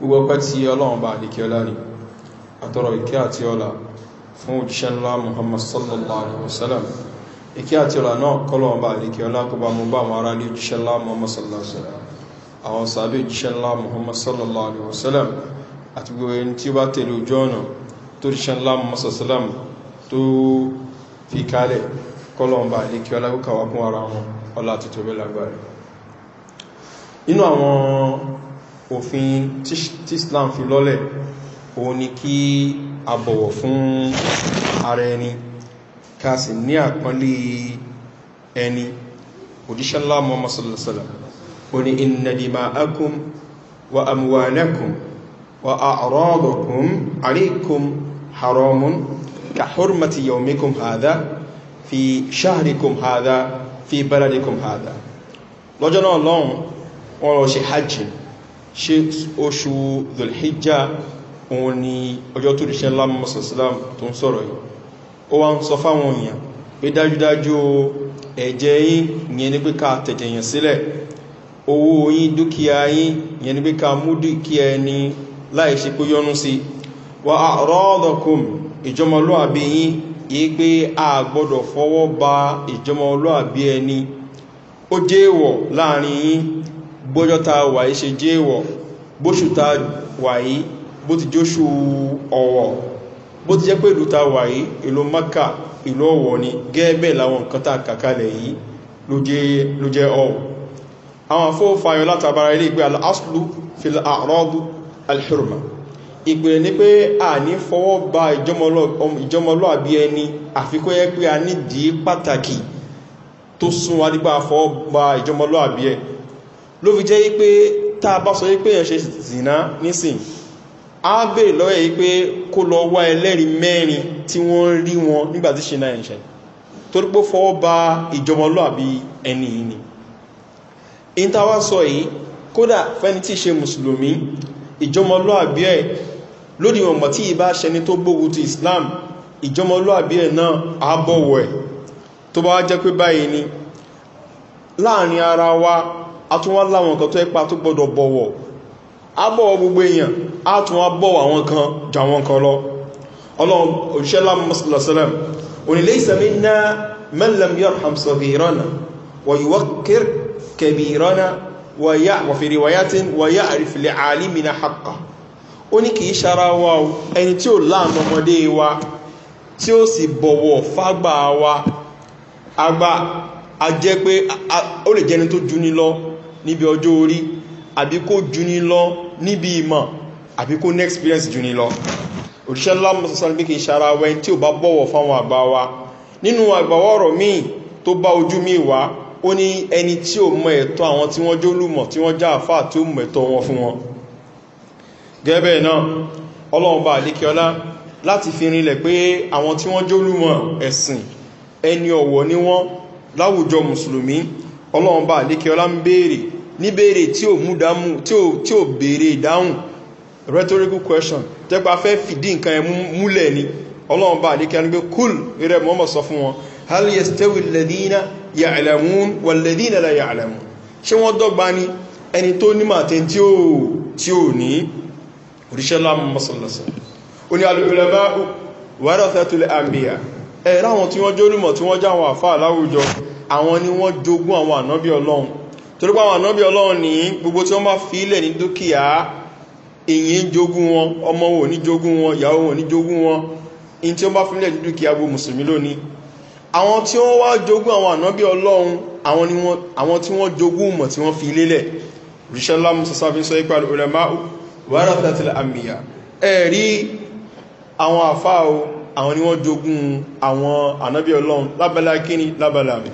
gbogbo ọpẹ́ tí ọlọ́run bá àdíkẹ́ ọlárí àtọrọ ìkẹ́ àti ọlá fún òjíṣẹ́ ńlá muhammad sallallahu alaihi wasallam ìkẹ́ àti ọlá náà kọlọ́run bá àdíkẹ́ ọlá kó bá mú bá àwọn ará ní òjíṣẹ́ ńlá muhammad sallallahu alaihi wasallam àwọn sàbí òjíṣẹ́ ńlá muhammad sallallahu alaihi wasallam àti gbogbo ẹni tí ó bá tẹ̀lé òfin tí islam fi lọ́lẹ̀ òun ni kí a bọ̀wọ̀ fún ara ẹni ká sì ní àpọ́nlé ẹni òdíṣẹ́lá mọ́mọ́ sọ̀lọ̀sọ̀lọ̀ ó ní ìnàdìmá akún wa amwalakum wa a'radakum alaykum haramun ka hurmati yawmikum hadha fi shahrikum hadha fi baladikum hadha lọ́jọ́ náà lọ́hùn wọ́n lọ ṣe hajjin ṣe oṣù dhulhijjá òun ni ọjọ́ tó ríṣẹ́ lámọ́sàsílám tó ń sọ̀rọ̀ yìí ó wá ń sọ fáwọn èèyàn pé dájúdájú ẹ̀jẹ̀ yín yẹn ni pé ká tẹ̀jẹ̀yàn sílẹ̀ owó yín dúkìá yín yẹn ni pé ká mú dúkìá ẹni láìṣe pé yọnu sí wà àrọ́ọ̀dọ̀kùn ìjọmọlúàbí yín yìí pé a gbọ́dọ̀ fọwọ́ ba ìjọmọlúàbí ẹni ó jẹ́ èèwọ̀ láàrin yín bójọ́ ta wàyí ṣe jéèwọ̀ bóṣù ta wàyí bó ti jóṣù ọ̀wọ̀ bó ti jẹ́ pé ìlú ta wàyí ìlú maka ìlú ọ̀wọ̀ ni gẹ́ẹ̀bẹ̀ láwọn nǹkan tá kàkalẹ̀ yìí ló jẹ́ ọ̀wọ̀ àwọn afọ́fàyọ látàbára ilé ìgbé al'aslu fil àrọ́bù alhirma ìpìlẹ̀ ní pé a ní fọwọ́ bá ìjọmọlọ́ àbí ẹni àfikọ́ yẹ pé a ní dìí pàtàkì tó sún wá nípa fọwọ́ bá ìjọmọlọ́ àbí ẹni ló fi jẹ́ wípé tá a bá sọ wípé ẹ̀ ṣe zìnà nísìn a bèèrè lọ́wọ́ yìí pé kó lọ wá ẹlẹ́rìí mẹ́rin tí wọ́n rí wọn nígbà tí ṣìnà ẹ̀ṣẹ̀ torí pé fọwọ́ ba ìjọmọ lọ́àbí ẹni yìí ni ìntàwá sọ yìí kódà fẹ́ni tí ṣe mùsùlùmí ìjọmọ lọ́àbí ẹ̀ lórí ọmọ tí ìbá ṣẹni tó gbógu ti islam ìjọmọ lọ́àbí ẹ̀ náà á bọ̀wọ̀ ẹ̀ tó bá jẹ́ pé báyìí ni láàrin ara wa àtúnwá láwọn nǹkan tó ẹpa tó gbọdọ̀ bọ̀wọ̀ a bọ̀wọ̀ gbogbo èèyàn a tún wá bọ̀wọ̀ àwọn kan jà wọn kan lọ ọlọ́run òṣìṣẹ́ lámọ́sílẹ̀sílẹ̀m onílé ìsẹ̀mí ná mẹ́lẹ̀m yọ̀rọ̀hàm sọ̀gìrọ̀nà wọ̀yíwọ́ kẹbìrọ̀nà wọ̀fẹ̀rẹ̀wáyátín wọ̀yá àrífìlẹ̀ àlìmìnà hàkà ó ní kìí ṣara wa ẹni tí ó láàánú sì bọ̀wọ̀ fágbà wa agbá a jẹ́ pé ó lè jẹ́ni tó jù ní lọ níbi ọjọ́ orí àbí kó juni lọ níbi ìmọ̀ àbí kó ní experience juni lọ òṣìṣẹ́ lámọ̀sán bí kì í ṣara wẹ́n tí ò bá bọ̀wọ̀ fáwọn àgbà wa nínú àgbàwọ̀ ọ̀rọ̀ míì tó bá ojú míì wá ó ní ẹni tí ò mọ ẹ̀tọ́ àwọn tí wọ́n jólùmọ̀ tí wọ́n já àfáà tí ó mọ ẹ̀tọ́ wọn fún wọn gẹ́bẹ̀ náà ọlọ́run bá àlékiọlá láti fi rinlẹ̀ pé àwọn tí wọ́n jólùmọ̀ ẹ̀sìn ẹni ọ̀wọ̀ ni wọ́n láwùjọ mùsùlùmí ọlọ́run bá lékẹ́ ọlá ń béèrè ní béèrè tí ò mú dámú tí ò béèrè ìdáhùn rhetorical question tẹ́pà fẹ́ fìdí nǹkan ẹ̀ múlẹ̀ ni ọlọ́run bá lékẹ́ ọlá ń gbé kúl rẹ̀ mọ́mọ́ sọ fún wọn hal yestewi lẹ́dínà yàlẹ̀mún wà lẹ́dínà la yàlẹ̀mún ṣé wọ́n dọ́gba ni ẹni tó ní màtí tí ò tí ò ní wọ́n jólùmọ̀ tí àfáà láwùjọ àwọn ni wọ́n jogún àwọn ànábí ọlọ́run torí pé àwọn ànábí ọlọ́run ní gbogbo tí wọ́n bá fi ilẹ̀ ní dúkìá èyí jogún wọn ọmọ wọn ní jogún wọn ìyàwó wọn ní jogún wọn in tí wọ́n bá fi ilẹ̀ ní dúkìá gbogbo mùsùlùmí lónìí àwọn tí wọ́n wá jogún àwọn ànábí ọlọ́run àwọn tí wọ́n jogún mọ̀ tí wọ́n fi lélẹ̀ ríṣẹ́lá musasafi sọ ipa olùrẹ̀má wàhálà tàtàlà àmìyà ẹ̀rí àwọn àfáà àwọn ni wọ́n jogún àwọn ànábí ọlọ́run lábẹ́lá kíní lábẹ́lá mi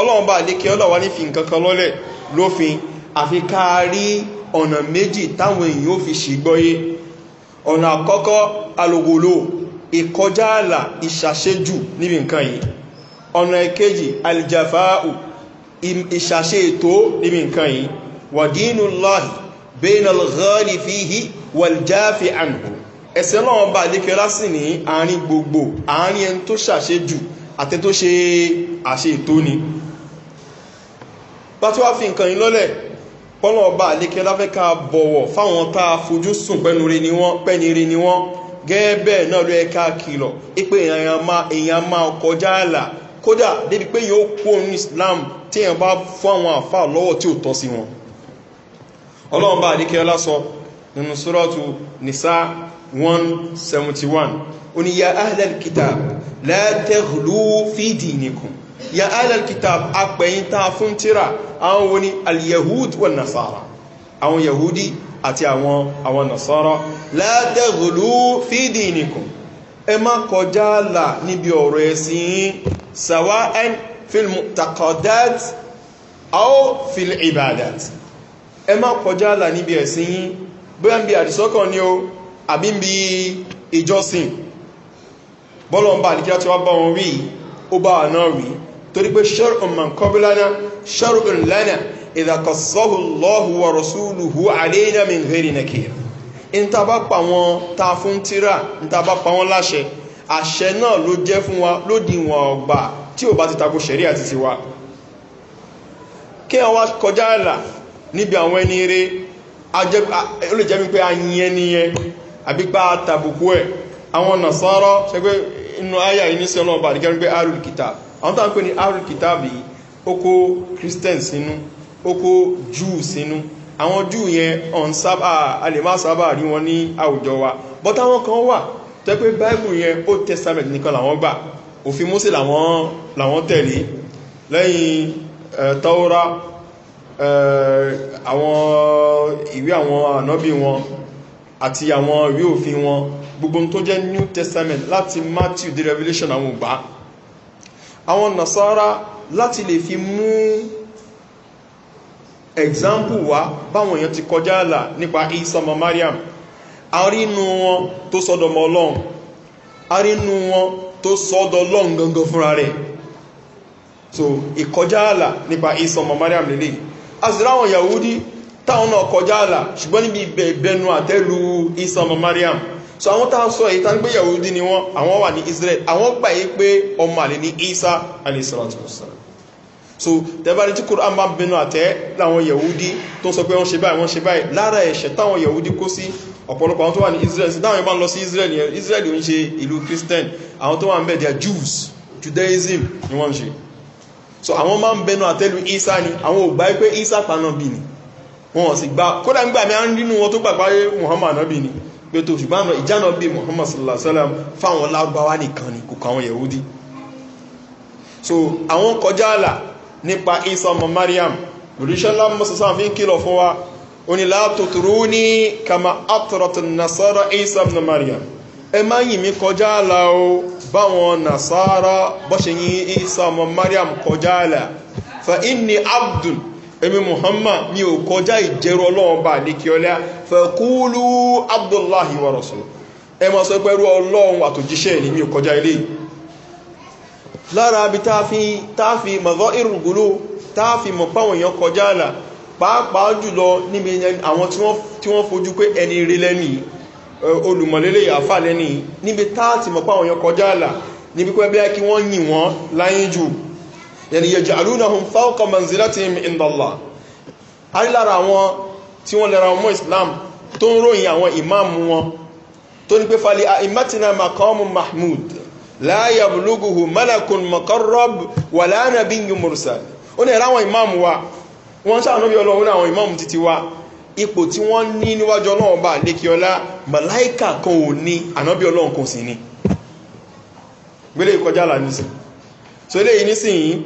ọlọ́run bá lékè ọlọ́wà ní fi nǹkan kan lọ́lẹ̀ lófin àfi káàrí ọ̀nà méjì táwọn èèyàn ó fi ṣègbọ́yé ọ̀nà àkọ́kọ́ alogolo ìkọjá àlà ìṣàṣejù níbi nǹkan yìí ọ̀nà ìkejì aljafa'u ìṣàṣe ètò níbi nǹkan yìí wàdínú láì bẹ́ẹ̀nàlọ́rì fíhí wàljáfì àǹkù ẹ̀sẹ̀ náà bá lékè lásì ní àárín gbogbo àárín ẹni tó ṣàṣejù àtẹ́ tó ṣe àṣe ètò ni bá tí wá fi nǹkan yìí lọ́lẹ̀ pọ́nà ọba àlékẹ́ láfẹ́ká bọ̀wọ̀ fáwọn tá a fojú sùn pẹ́nire ni wọ́n gẹ́ẹ́bẹ̀ náà ló yẹ ká kìlọ̀ pé èèyàn máa kọjá àlà kódà débi pé yóò kó ohun islam tí èèyàn bá fún àwọn àfa lọ́wọ́ tí ò tọ́ sí wọn ọlọ́run bá àdíkẹ́ ọlá nínú sọ́rọ̀tù nìsá 171 oníyà ahlẹ́kìtà látẹ̀hùlú fídì nìkan ya alal kitab apẹ̀yìn ta fún tíra àwọn wo ni al-yahud wa nasara àwọn yahudi àti àwọn àwọn nasara la taghlu fi dinikum ẹ má kọjá là níbi ọ̀rọ̀ ẹ̀sìn sawa'an fil mu'taqadat aw fil ibadat ẹ má kọjá là níbi ẹ̀sìn bóyá ń àdìsọ́kàn ni o àbí ń ìjọsìn bọ́lọ̀ ń bá àdìkí láti wá bá wọn wí ó bá wà náà wí torí pé ṣẹ́rùn mọ̀kọ́bílánà ṣẹ́rùn lánà ìdàkọ̀sọ́hù lọ́hù wà rọ̀súlùhù àléèdàmì rèrè nàkìrì in ta bá pa wọn ta fún tíra in ta bá pa wọn láṣẹ àṣẹ náà ló jẹ́ fún wa ló di wọn ọgbà tí ò bá ti tako ṣẹ̀rí àti tiwa kí wọn wá kọjá àlà níbi àwọn ẹni eré ó lè jẹ́ mi pé a yin ẹni yẹn àbí pa tàbùkù ẹ̀ àwọn nàṣọ́rọ́ ṣẹgbẹ́ inú àyà yìí níṣẹ́ ọlọ́ọ̀bà àdìgẹ́rin pé arul kitab àwọn táwọn pè ní arul kitab yìí ó kó christian sínú ó kó jew sínú àwọn jew yẹn ọ̀n sábà a lè má sábà rí wọn ní àwùjọ wa but àwọn kan wà tẹ́ pé bible yẹn old testament nìkan làwọn gbà òfin mose làwọn làwọn tẹ̀lé lẹ́yìn tọ́wọ́rá àwọn ìwé àwọn ànábì wọn àti àwọn ìwé òfin wọn gbogbo tó jẹ́ new testament láti matthew the revelation àwọn ògbà àwọn nasara láti lè fi mú example wá báwọn èèyàn ti kọjá àlà nípa isa ọmọ mariam arínú wọn tó sọdọmọ ọlọ́run arínú wọn tó sọdọ ọlọ́run gangan fúnra rẹ̀ so ìkọjá àlà nípa isa ọmọ mariam lélẹ́yìí azìráwọn yahudi táwọn náà kọjá àlà ṣùgbọ́n níbi ìbẹ̀ẹ̀bẹ̀nu àtẹ́lu isa ọmọ mariam so àwọn tá a sọ èyí tá ń gbé yahudi ni wọn àwọn wà ní israel àwọn gbà yí pé ọmọ àlè ní isa alayhisalaam so tẹ́bàrí tí quran bá ń bẹnu àtẹ́ láwọn yahudi tó sọ pé wọ́n ṣe báyìí wọ́n ṣe báyìí lára ẹ̀ṣẹ̀ táwọn yahudi kó sí ọ̀pọ̀lọpọ̀ àwọn tó wà ní israel sí táwọn bá ń lọ sí israel yẹn israel ò ń ṣe ìlú christian àwọn tó wà ń bẹ̀ they jews judaism ni wọ́n ń ṣe so àwọn máa ń bẹnu àtẹ́lu isa ni àwọn ò gbà pé isa paná ni wọn sì gbá kódà ń gbà mí a ń nínú wọn tó gbàgbá yé muhammad nabi ni pé tó ṣùgbọ́n àwọn muhammad sallallahu alayhi wa sallam fáwọn lárúbáwá nìkan ni kò káwọn yahudi so àwọn kọjá àlà nípa isa ọmọ mariam òrìṣẹ́ ńlá mọ́sán fi ń kìlọ̀ fún wa onílà tòtòrò ní kama atọ̀rọ̀tọ̀ nasara isa ọmọ mariam ẹ má yìn mí kọjá àlà o báwọn nasara bọ́ṣe yín isa ọmọ mariam kọjá àlà fa inni abdul èmi muhammad mi ò kọjá ìjẹrọ ọlọ́run bá ní kí ọlá fẹ̀kúlù abdullahi wa rasul ẹ ma sọ pẹ̀lú ọlọ́run àtòjíṣẹ́ ní mi ò kọjá ilé lára bí táàfi mọ̀zọ́ ìrùngúlò táàfi mọ̀ páwọn èèyàn kọjá àlà pàápàá jùlọ níbi àwọn tí wọ́n fojú pé ẹni rí lẹ́ni olùmọ̀lélẹ̀ àfà lẹ́ni níbi táàtì mọ̀ páwọn èèyàn kọjá àlà níbi pẹ́ bí i kí wọ́n yìn wọ́n láyín jù yẹni yaj'alunahum fawqa manzilatihim inda Allah a rí lára àwọn tí wọ́n lẹ́ra ọmọ Islam tó ń ròyìn àwọn ìmáàmù wọn tó ní pé fali a'immatina maqamun mahmud la yablughuhu malakun muqarrab wala nabiyyun mursal ó ní ẹ̀rá àwọn ìmáàmù wa wọ́n sáànú bí ọlọ́run àwọn ìmáàmù títí wa ipò tí wọ́n ní níwájú ọlọ́run bá lékiọlá màláìkà kan ò ní ànábí ọlọ́run kan sì ní gbélé ìkọjá là nísìn so eléyìí nísìnyí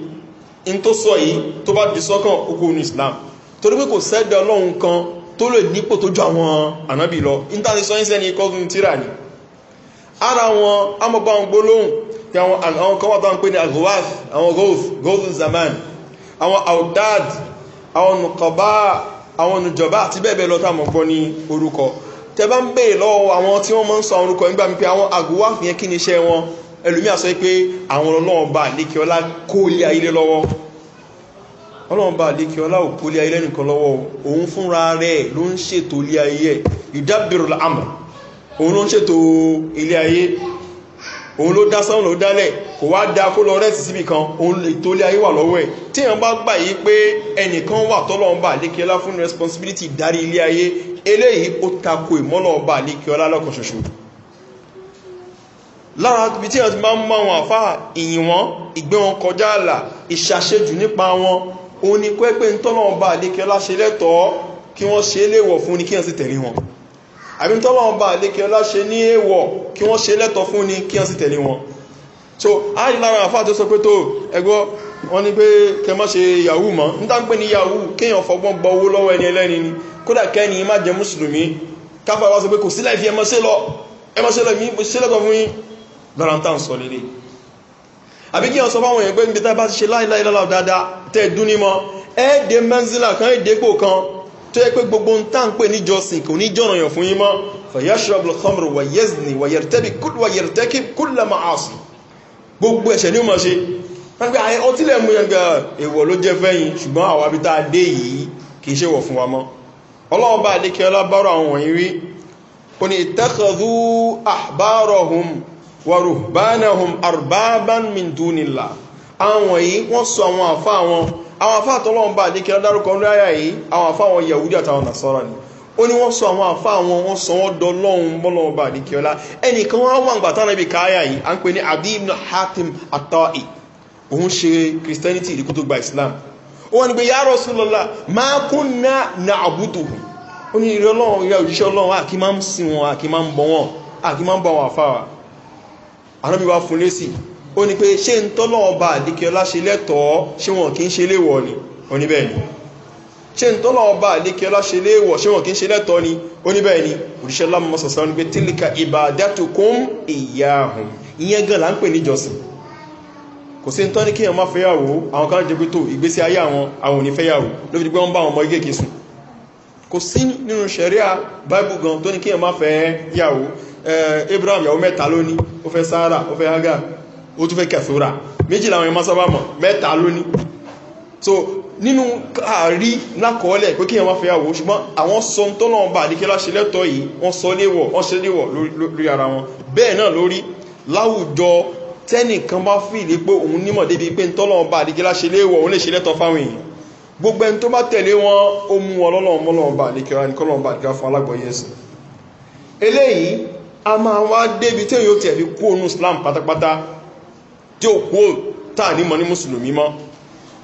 in tó sọ yìí tó bá di sọ́kàn okú ní islam torí pé kò sẹ́dẹ̀ ọlọ́run kan tó lè nípò tó ju àwọn ànábì lọ intanet sọ yín sẹ́ni kọ́tún tíra ni ara wọn amọ̀gbà wọn gbólóhùn tí àwọn kan wà tó ń pè ní agowath àwọn gold golden zaman àwọn outdad àwọn nùkọ̀bá àwọn nùjọba àti bẹ́ẹ̀ bẹ́ẹ̀ lọ tá a mọ̀ gbọ́ ní orúkọ tẹ bá ń bèè lọ́wọ́ àwọn tí wọ́n máa ń sọ àwọn orúkọ nígbà mi pé àwọn agowath yẹn kí ni iṣẹ́ wọn ẹlòmí àsọ pé àwọn ọlọ́ọ̀bá àlékiọlá kó ilé ayé lọ́wọ́ ọlọ́ọ̀bá àlékiọlá ò kó ilé ayé lẹ́nìkan lọ́wọ́ òun fúnra rẹ̀ ló ń ṣètò ilé ayé ẹ̀ ìdábìrò àmà òun ló ń ṣètò ilé ayé òun ló dá sánà ló dálẹ̀ kò wá dá kó lọ rẹ́sì síbi kan òun ètò ilé ayé wà lọ́wọ́ ẹ̀ tí èèyàn bá gbà yí pé ẹnìkan wà tọ́lọ́ọ̀bá àlékiọlá fún responsibility darí ilé ayé eléyìí ó tako ìmọ́lọ́ọ̀bá àlékiọlá lọ́kàn ṣoṣo lára ibi tí ẹ̀tí máa ń mọ́ wọn àfáà ìyìn wọn ìgbé wọn kọjá àlà ìṣàṣejù nípa wọn òun ni pé pé ń tọ́lọ́wọ́n bá àlékẹ́ láṣẹ lẹ́tọ̀ọ́ kí wọ́n ṣe é léwọ̀ fún ni kí wọ́n sì tẹ̀lé wọn àbí ń tọ́lọ́wọ́n bá àlékẹ́ láṣẹ ní èèwọ̀ kí wọ́n ṣe lẹ́tọ̀ọ́ fún ni kí wọ́n sì tẹ̀lé wọn so a rí lára àfáà tó sọ pé tó ẹgbọ́ wọn ni pé kẹ má ṣe yahoo mọ́ ń tá ń pè ní yahoo kéèyàn fọgbọ́n gbọ owó lọ́wọ́ ẹni ẹlẹ́ni ni kódà kẹ́ni má jẹ mùsùlùmí káfà wá sọ pé kò sílẹ̀ fi ẹmọ sí lọ ẹmọ sí lọ mi sílẹ̀ kan fún yín lára ń tàn sọ lélẹ̀ àbí kí wọ́n sọ fáwọn èèyàn pé níbi tá bá ti ṣe láìláì lọ́la dáadáa tẹ́ ẹ dún ní mọ́ ẹ dé mẹ́ńsílà kan ẹ dépò kan tó yẹ pé gbogbo ń tàn pé níjọsìn kò ní jọ̀ràn yàn fún yín mọ́ fayashrabul khamru wayezni wayertẹ́bi wayertẹ́kib wàrùbánahùn arbaban mindunila àwọn yìí wọ́n sọ àwọn àfá àwọn àwọn àfá àtọ́lọ́wọ́n bá àdékẹ́ dárúkọ ní àyà yìí àwọn àfá àwọn yahudi àtàwọn nasara ni ó ní wọ́n sọ àwọn àfá àwọn wọ́n sọ wọ́n dọ́lọ́hun bọ́lọ́wọ́n bá àdékẹ́ ọlá ẹnìkan wọ́n wà gbàtà náà bí káyà yìí à ń pè ní hatim òun ṣe christianity gba islam ó pé yàrá máa na ó ní anábí wá fún lésì ó ní pé ṣé ń tọ́lọ́ ọba àdékẹ́ọlá ṣe lẹ́tọ̀ọ́ ṣé wọn kì í ṣe léwọ̀ ni oníbẹ̀ ni ṣé ń tọ́lọ́ ọba àdékẹ́ọlá ṣe léwọ̀ ṣé wọn kì í ṣe lẹ́tọ̀ọ́ ni oníbẹ̀ ni òṣìṣẹ́ lámọ́sọ̀sọ́ ni pé tílíkà ìbàdàtùkún ìyá ahùn ìyẹn gan là ń pè níjọsìn kò sí tọ́ ní kí ẹmọ́ fẹ́yàwó àwọn kan jẹ́ pé tó ìgbésí ayé àwọn àwọn òní fẹ́yàwó ló fi Eh, Abraham yàwó mẹ́ta lónìí ó fẹ́ Sarah ó fẹ́ Haga, ó tún fẹ́ kẹfura méjì làwọn ẹmọ sábà mọ̀ mẹ́ta lónìí so nínú àárí lákọọ́lẹ̀ pé kíyàn máa fẹ́ àwò ṣùgbọ́n àwọn sọ tó náà bà ní kí láṣẹ lẹ́tọ̀ yìí wọ́n sọ léwọ̀ wọ́n ṣe léwọ̀ lórí ara wọn bẹ́ẹ̀ náà lórí láwùjọ tẹ́nìkan bá fìlì pé òun nímọ̀ débi pé tọ́lọ́run bá àdíkẹ́ láṣẹ léwọ̀ òun lè ṣe lẹ́tọ̀ fáwọn èèyàn gbogbo ẹni tó bá tẹ̀lé wọn ó mú wọn lọ́lọ́run mọ́lọ́run bá àdíkẹ́ a máa wá débi tí yóò tẹ̀lé kó onú islam pátápátá tí ó kó tàà ní mọ̀ ní mùsùlùmí mọ́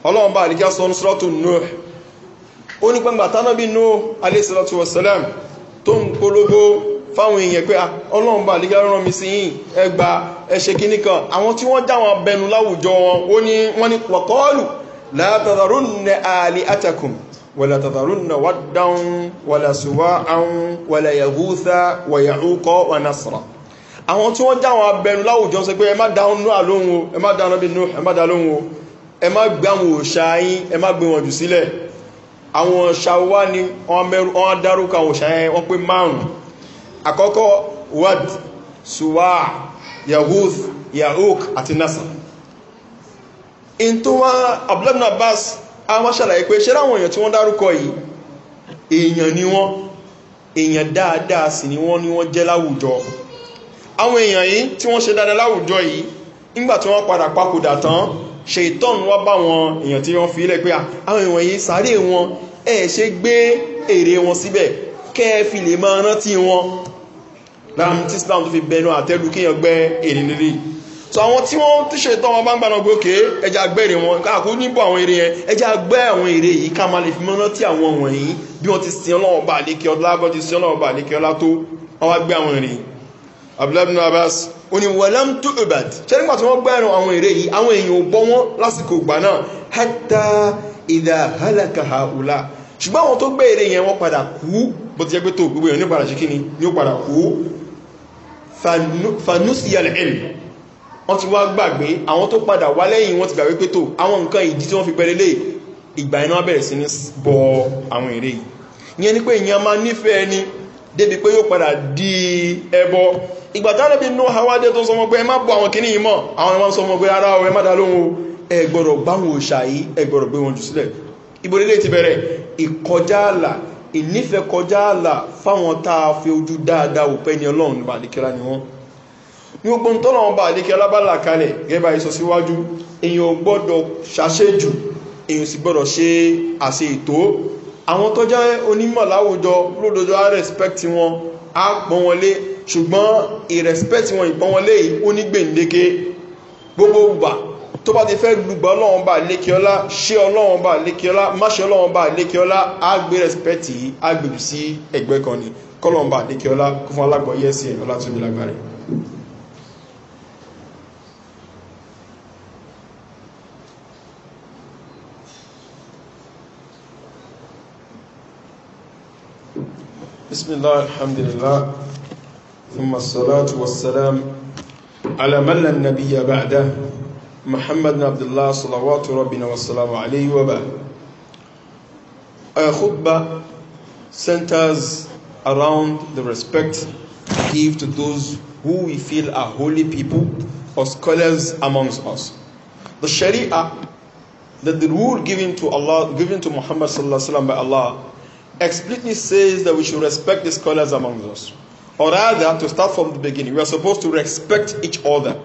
ọlọ́run bá àríkà sọ ní sọ́rọ́tù nuh ó ní pẹ́ngbà tánàbí nuh alẹ́sọ́rọ́tù wasalam tó ń polówó fáwọn èèyàn pé ọlọ́run bá àríkà rán mi sí yìn ẹgbà ẹ̀ṣẹ̀ kìíní kan àwọn tí wọ́n já wọn ولا تذرن ودا ولا سواعا ولا يغوث ويعوق ونصرا àwọn tí wọ́n jáwọn abẹnu láwùjọ sọ pé ẹ má dáhùn náà lóhun ẹ má dáhùn bí náà ẹ má dáhùn lóhun ẹ má gbé àwọn òṣà yín ẹ má gbé wọn jù sílẹ̀ àwọn òṣà wá wọ́n dárúkọ àwọn wọ́n pé márùn àkọ́kọ́ wad suwa yahuth yahuk àti nasa a wá ṣàlàyé pé ṣe láwọn èèyàn tí wọ́n dárúkọ yìí èèyàn ni wọ́n èèyàn dáadáa sì ni wọ́n ni wọ́n jẹ́ láwùjọ àwọn èèyàn yìí tí wọ́n ṣe dáadáa láwùjọ yìí nígbà tí wọ́n padà papòdà tán ṣe ìtọ́nù wá bá wọn èèyàn tí wọ́n fi ilẹ̀ pé àwọn èèyàn yìí sáré wọn ẹ̀ ṣe gbé èrè wọn síbẹ̀ kẹ́ ẹ fi lè máa rántí wọn láàmú tí islam tó fi bẹnu àtẹ́lù kéèyàn gbẹ́ èrè lélẹ́yìí so àwọn tí wọ́n ti ṣe tán wọn bá ń gbàdán gòkè ẹja gbẹ́rẹ̀ wọn káàkó níbo àwọn eré yẹn ẹja gbẹ́ àwọn eré yìí ká máa lè fi mọ́ná tí àwọn wọ̀nyí bí wọ́n ti sin ọlọ́wọ́ bá àlékè ọlá bọ́ ti sin ọlọ́wọ́ bá àlékè ọlá tó wọ́n wá gbé àwọn eré yìí abdullahi bin abbas ó ní wàlám tó ibad ṣé nígbà tí wọ́n gbẹ́rùn àwọn eré yìí àwọn èèyàn ò bọ́ wọn lásìkò ìgbà náà hátà ìdá wọ́n ti wá gbàgbé àwọn tó padà wá lẹ́yìn wọ́n ti gbàgbé pé tó àwọn nǹkan ìdí tí wọ́n fi pẹ́lẹ́lẹ́ ìgbà iná bẹ̀rẹ̀ sí ní bọ àwọn èrè yìí ìyẹn ni pé ìyẹn máa nífẹ̀ẹ́ ni débi pé yóò padà di ẹbọ ìgbà táwọn ẹbí nú àwádé tó sọmọ pé ẹ má bọ àwọn kìíní yìí mọ àwọn ẹmọ sọmọ pé ara ọ ẹ má dá lóhun ẹ gbọdọ gbáwọn òòṣà yìí ẹ gbọdọ gbé wọn jù sílẹ ibo lélẹ ti bẹrẹ ìkọjá àlà ìnífẹ̀ẹ́ kọjá àlà fáwọn tá a fi ojú dáadáa òpẹ́ ni ọlọ́run nípa àdékẹ́lá ni wọ́n gbogbo tọ́lọ̀wọ́n bá àdíkẹ́ alábàlà kalẹ̀ gẹ́bà ìsọ síwájú èyàn gbọ́dọ̀ ṣàṣejù èyàn sì gbọ́dọ̀ ṣe àṣe ètò àwọn tó jẹ́ onímọ̀ láwùjọ lódodo á respect wọn á pọ́n wọn lé ṣùgbọ́n ìrespect wọn ìpọ́n wọn lé yìí ó ní gbèǹdéke gbogbo gbà tó bá ti fẹ́ lùgbà ọlọ́wọ́n bá lékiọlá ṣé ọlọ́wọ́n bá lékiọlá máṣe ọlọ́wọ́n bá lékiọlá á gbé respect yìí á gbèrú e sí ẹgbẹ́ kan ni kọ́lọ́wọ́n bá lékiọlá kó fún alágbọ̀ọ́yẹ́sì ọlátúndínlágbára بسم الله الحمد لله ثم الصلاة والسلام على من لا نبي بعده محمد بن عبد الله صلوات ربنا والسلام عليه وبعد خطبة centers around the respect we give to those who we feel are holy people or scholars amongst us. The Sharia, that the rule given to Allah, given to Muhammad sallallahu alaihi wasallam by Allah explicitly says that we should respect the scholars among us. Or rather, to start from the beginning, we are supposed to respect each other.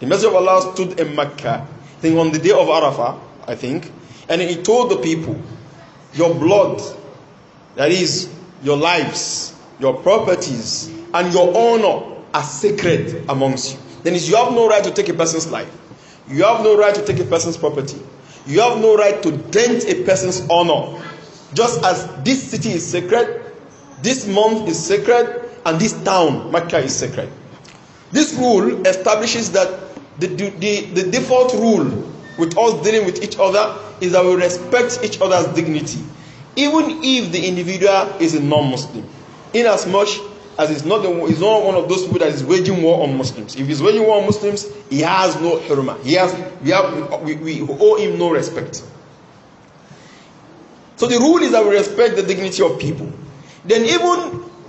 The Messenger of Allah stood in Mecca, I think on the day of Arafah, I think, and he told the people, Your blood, that is, your lives, your properties, and your honor are sacred amongst you. Then you have no right to take a person's life. You have no right to take a person's property. You have no right to dent a person's honor just as this city is sacred this month is sacred and this town Makkah is sacred this rule establishes that the, the, the default rule with us dealing with each other is that we respect each other's dignity even if the individual is a non-muslim inasmuch as he's not, the, he's not one of those people that is waging war on Muslims. If he's waging war on Muslims, he has no hurma. He has, we, have, we, we owe him no respect. So the rule is that we respect the dignity of people. Then even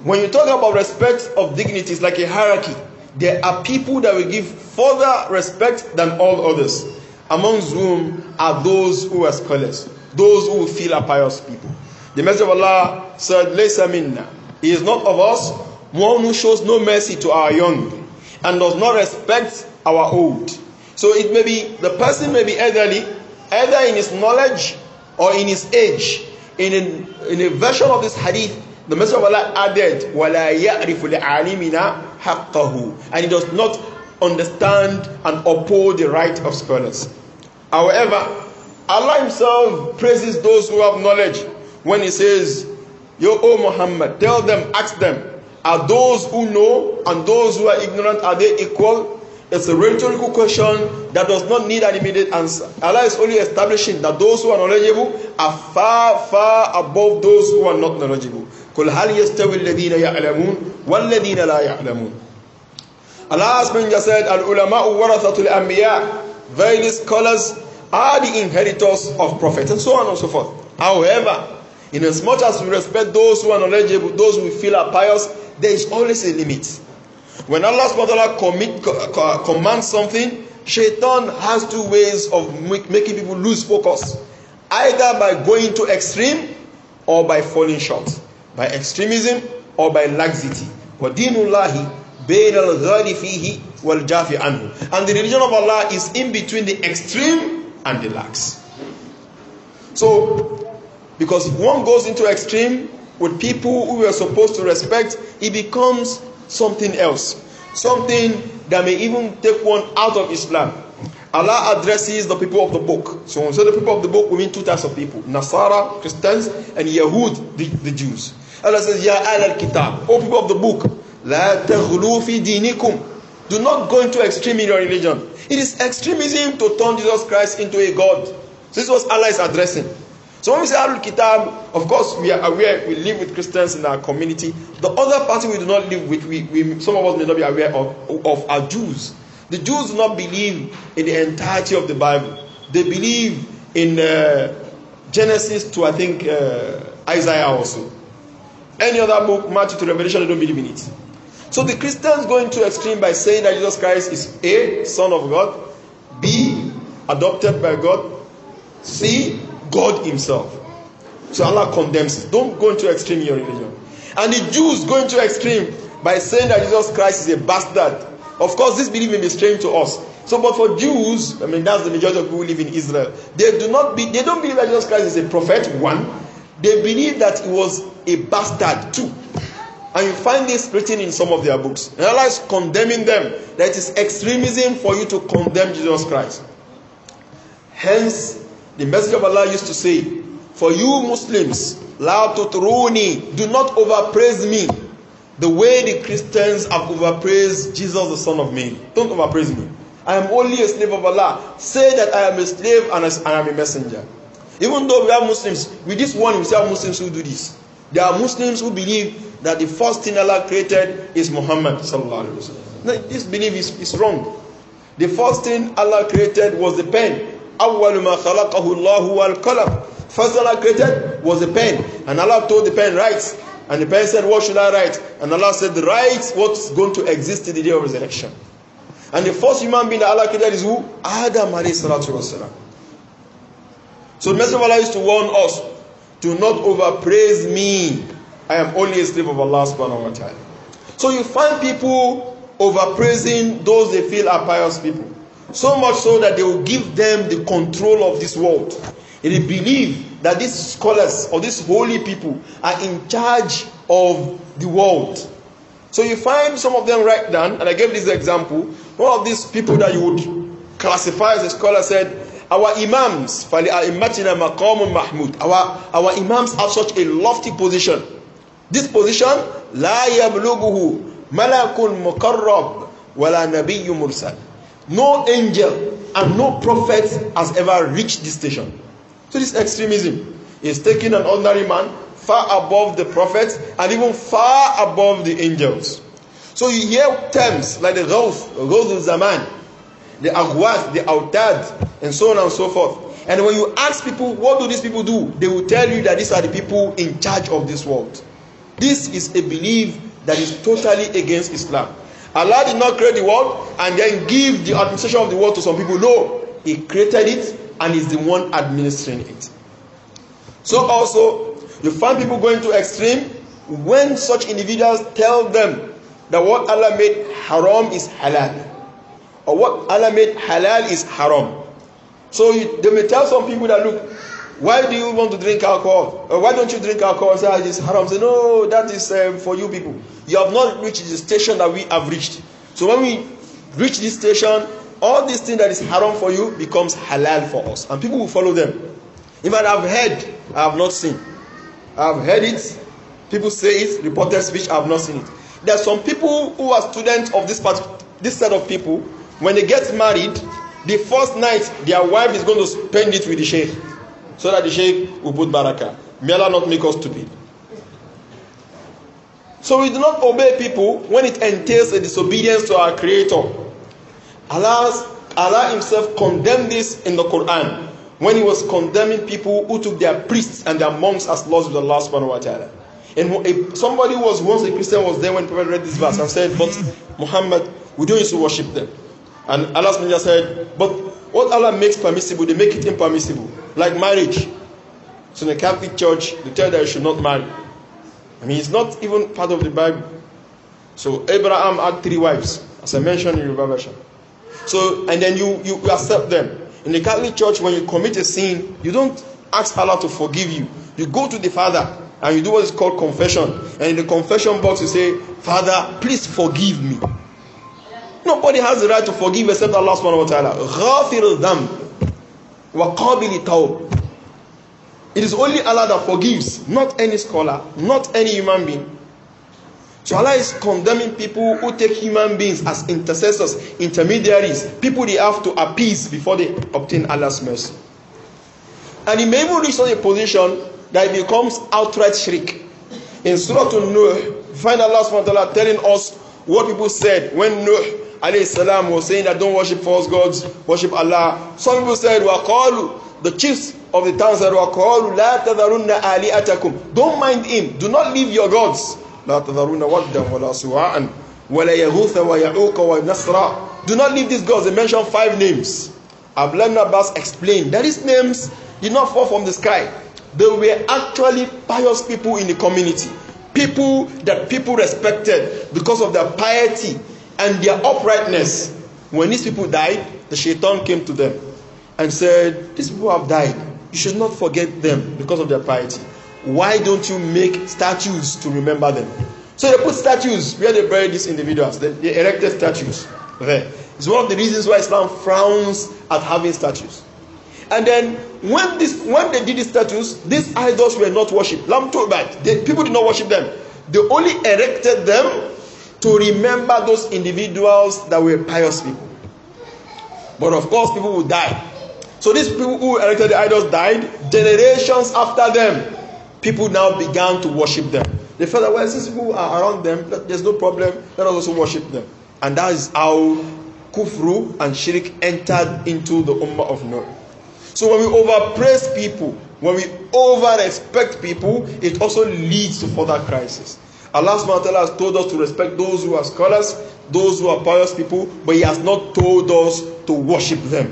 when you talk about respect of dignity, it's like a hierarchy. There are people that will give further respect than all others, amongst whom are those who are scholars, those who feel are pious people. The Messenger of Allah said, Laysa minna. He is not of us, one who shows no mercy to our young and does not respect our old. So it may be the person may be elderly, either in his knowledge or in his age. In a, in a version of this hadith, the Messenger of Allah added, وَلَا يَعْرِفُ لِعَالِمِنَا حَقَّهُ And he does not understand and uphold the right of scholars. However, Allah Himself praises those who have knowledge when He says, Yo, O Muhammad, tell them, ask them, are those who know and those who are ignorant, are they equal? It's a rhetorical question that does not need an immediate answer. Allah is only establishing that those who are knowledgeable are far, far above those who are not knowledgeable. قل هل يستوي الذين يعلمون والذين لا يعلمون Allah has been just said العلماء ورثة الأنبياء various scholars are the inheritors of prophets and so on and so forth. However, in as much as we respect those who are knowledgeable, those we feel are pious, there is always a limit. When Allah subhanahu commit, co commands something, shaitan has two ways of make, making people lose focus either by going to extreme or by falling short, by extremism or by laxity. Wadinullahi. And the religion of Allah is in between the extreme and the lax. So, because if one goes into extreme with people who we are supposed to respect, it becomes something else, something that may even take one out of Islam. Allah addresses the people of the book. So when so the people of the book, we mean two types of people Nasara, Christians, and Yahud, the, the Jews. Allah says, Ya al kitab, O people of the book, La taghlu fi dinikum. Do not go into extreme in your religion. It is extremism to turn Jesus Christ into a God. This was Allah is addressing. So when we say Ahlul Kitab, of course we are aware we live with Christians in our community. The other party we do not live with, we, we some of us may not be aware of, of are Jews. The Jews do not believe in the entirety of the Bible. They believe in uh, Genesis to I think uh, Isaiah also. Any other book, Matthew to Revelation, they don't believe in it. So the Christians going to extreme by saying that Jesus Christ is A, Son of God, B, adopted by God, C, God Himself. So Allah condemns it. Don't go into extreme in your religion. And the Jews go into extreme by saying that Jesus Christ is a bastard. Of course, this belief may be strange to us. So, but for Jews, I mean that's the majority of people who live in Israel. They do not be they don't believe that Jesus Christ is a prophet, one. They believe that he was a bastard too. And you find this written in some of their books. And Allah is condemning them. That is extremism for you to condemn Jesus Christ. Hence, The Messenger of Allah used to say, For you Muslims, La tutruni, do not overpraise me the way the Christians have overpraised Jesus, the Son of Man. Don't overpraise me. I am only a slave of Allah. Say that I am a slave and I am a messenger. Even though we are Muslims, with this one, we say Muslims who do this. There are Muslims who believe that the first thing Allah created is Muhammad. Alaihi This belief is, is wrong. The first thing Allah created was the pen awwalu ma khalaqahu Allahu wal qalam. First Allah created was a pen, and Allah told the pen, write. And the pen said, what should I write? And Allah said, write what's going to exist in the day of resurrection. And the first human being that Allah created is who? Adam alayhi salatu wasalam. So the Messenger of Allah used to warn us, do not overpraise me. I am only a slave of Allah subhanahu wa ta'ala. So you find people overpraising those they feel are pious people. So much so that they will give them the control of this world. they believe that these scholars or these holy people are in charge of the world. So you find some of them right down, and I gave this example. One of these people that you would classify as a scholar said, our imams فَلِأَئِمَّتِنَا مَقَامٌ مَحْمُودٌ our, our imams have such a lofty position this position لا يبلغه ملك مقرب ولا نبي مرسل no angel and no prophet has ever reached this station so this extremism is taking an ordinary man far above the prophets and even far above the angels so you hear terms like the Ghaus, Ghaus Zaman, the Aghwas, the Autad, and so on and so forth. And when you ask people, what do these people do? They will tell you that these are the people in charge of this world. This is a belief that is totally against Islam. Allah did not create the world and then give the administration of the world to some people. No, He created it and is the one administering it. So also, you find people going to extreme when such individuals tell them that what Allah made haram is halal, or what Allah made halal is haram. So you, they may tell some people that look, why do you want to drink alcohol or uh, why don't you drink alcohol say ah it's haram say no that is um, for you people you have not reached the station that we have reached so when we reach this station all this thing that is haram for you becomes halal for us and people will follow them even i have heard i have not seen i have heard it people say it reported speech i have not seen it there are some people who are students of this part this set of people when they get married the first night their wife is going to spend it with the sheikh so that the Shaykh will put baraka. May Allah not make us stupid. So we do not obey people when it entails a disobedience to our Creator. Allah, Allah Himself condemned this in the Quran when He was condemning people who took their priests and their monks as lords of the Allah subhanahu wa ta'ala. And somebody who was once a Christian was there when Prophet read this verse and said, But Muhammad, we don't need to worship them. And Allah said, But what Allah makes permissible, they make it impermissible like marriage. So in the Catholic Church, they tell that you should not marry. I mean, it's not even part of the Bible. So Abraham had three wives, as I mentioned in Yoruba version. So, and then you, you accept them. In the Catholic Church, when you commit a sin, you don't ask Allah to forgive you. You go to the Father and you do what is called confession. And in the confession box, you say, Father, please forgive me. Nobody has the right to forgive except Allah subhanahu wa ta'ala. وَقَابِلِ تَوْبِ It is only Allah that forgives, not any scholar, not any human being. So Allah is condemning people who take human beings as intercessors, intermediaries, people they have to appease before they obtain Allah's mercy. And he may even reach such a position that it becomes outright shirk. In Surah An-Nuh, find Allah subhanahu wa ta'ala telling us What people said when Nuh alayhi salam was saying that don't worship false gods, worship Allah. Some people said, وَقَالُوا The chiefs of the towns said, وَقَالُوا لَا تَذَرُنَّ آلِئَتَكُمْ Don't mind him. Do not leave your gods. لَا تَذَرُنَّ وَدًّا وَلَا سُوَاءً وَلَا يَهُوثَ وَيَعُوكَ وَنَسْرًا Do not leave these gods. They mentioned five names. Abdullah Abbas explained that these names did not fall from the sky. They were actually pious people in the community people that people respected because of their piety and their uprightness. When these people died, the shaitan came to them and said, These people have died. You should not forget them because of their piety. Why don't you make statues to remember them? So they put statues where they buried these individuals. They, they erected statues there. It's one of the reasons why Islam frowns at having statues. And then when this when they did the statues, these idols were not worshipped. Lam Tobad, the people did not worship them. They only erected them to remember those individuals that were pious people. But of course, people would die. So these people who erected the idols died. Generations after them, people now began to worship them. They felt that well, since people are around them, there's no problem. Let us also worship them. And that is how kufru and shirk entered into the ummah of Noah. So when we overpraise people, when we over respect people, it also leads to further crisis. Allah subhanahu wa ta'ala has told us to respect those who are scholars, those who are pious people, but He has not told us to worship them.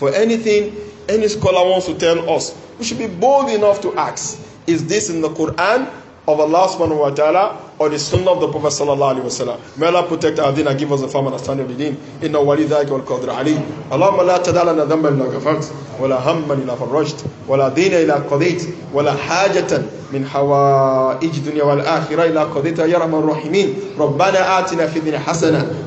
For anything any scholar wants to tell us, we should be bold enough to ask Is this in the Quran of Allah subhanahu wa ta'ala or the sunnah of the Prophet sallallahu alaihi wasallam. May Allah protect our deen and give us a firm understanding of the deen. Inna wali dhaika wal qadr ali. Allahumma la tadalana dhanban illa ghafart, wa la hamman illa farajt, wa la deena illa qadit, wa la hajatan min hawaij dunya wal akhirah illa qadita ya rahman rahimin. Rabbana atina hasana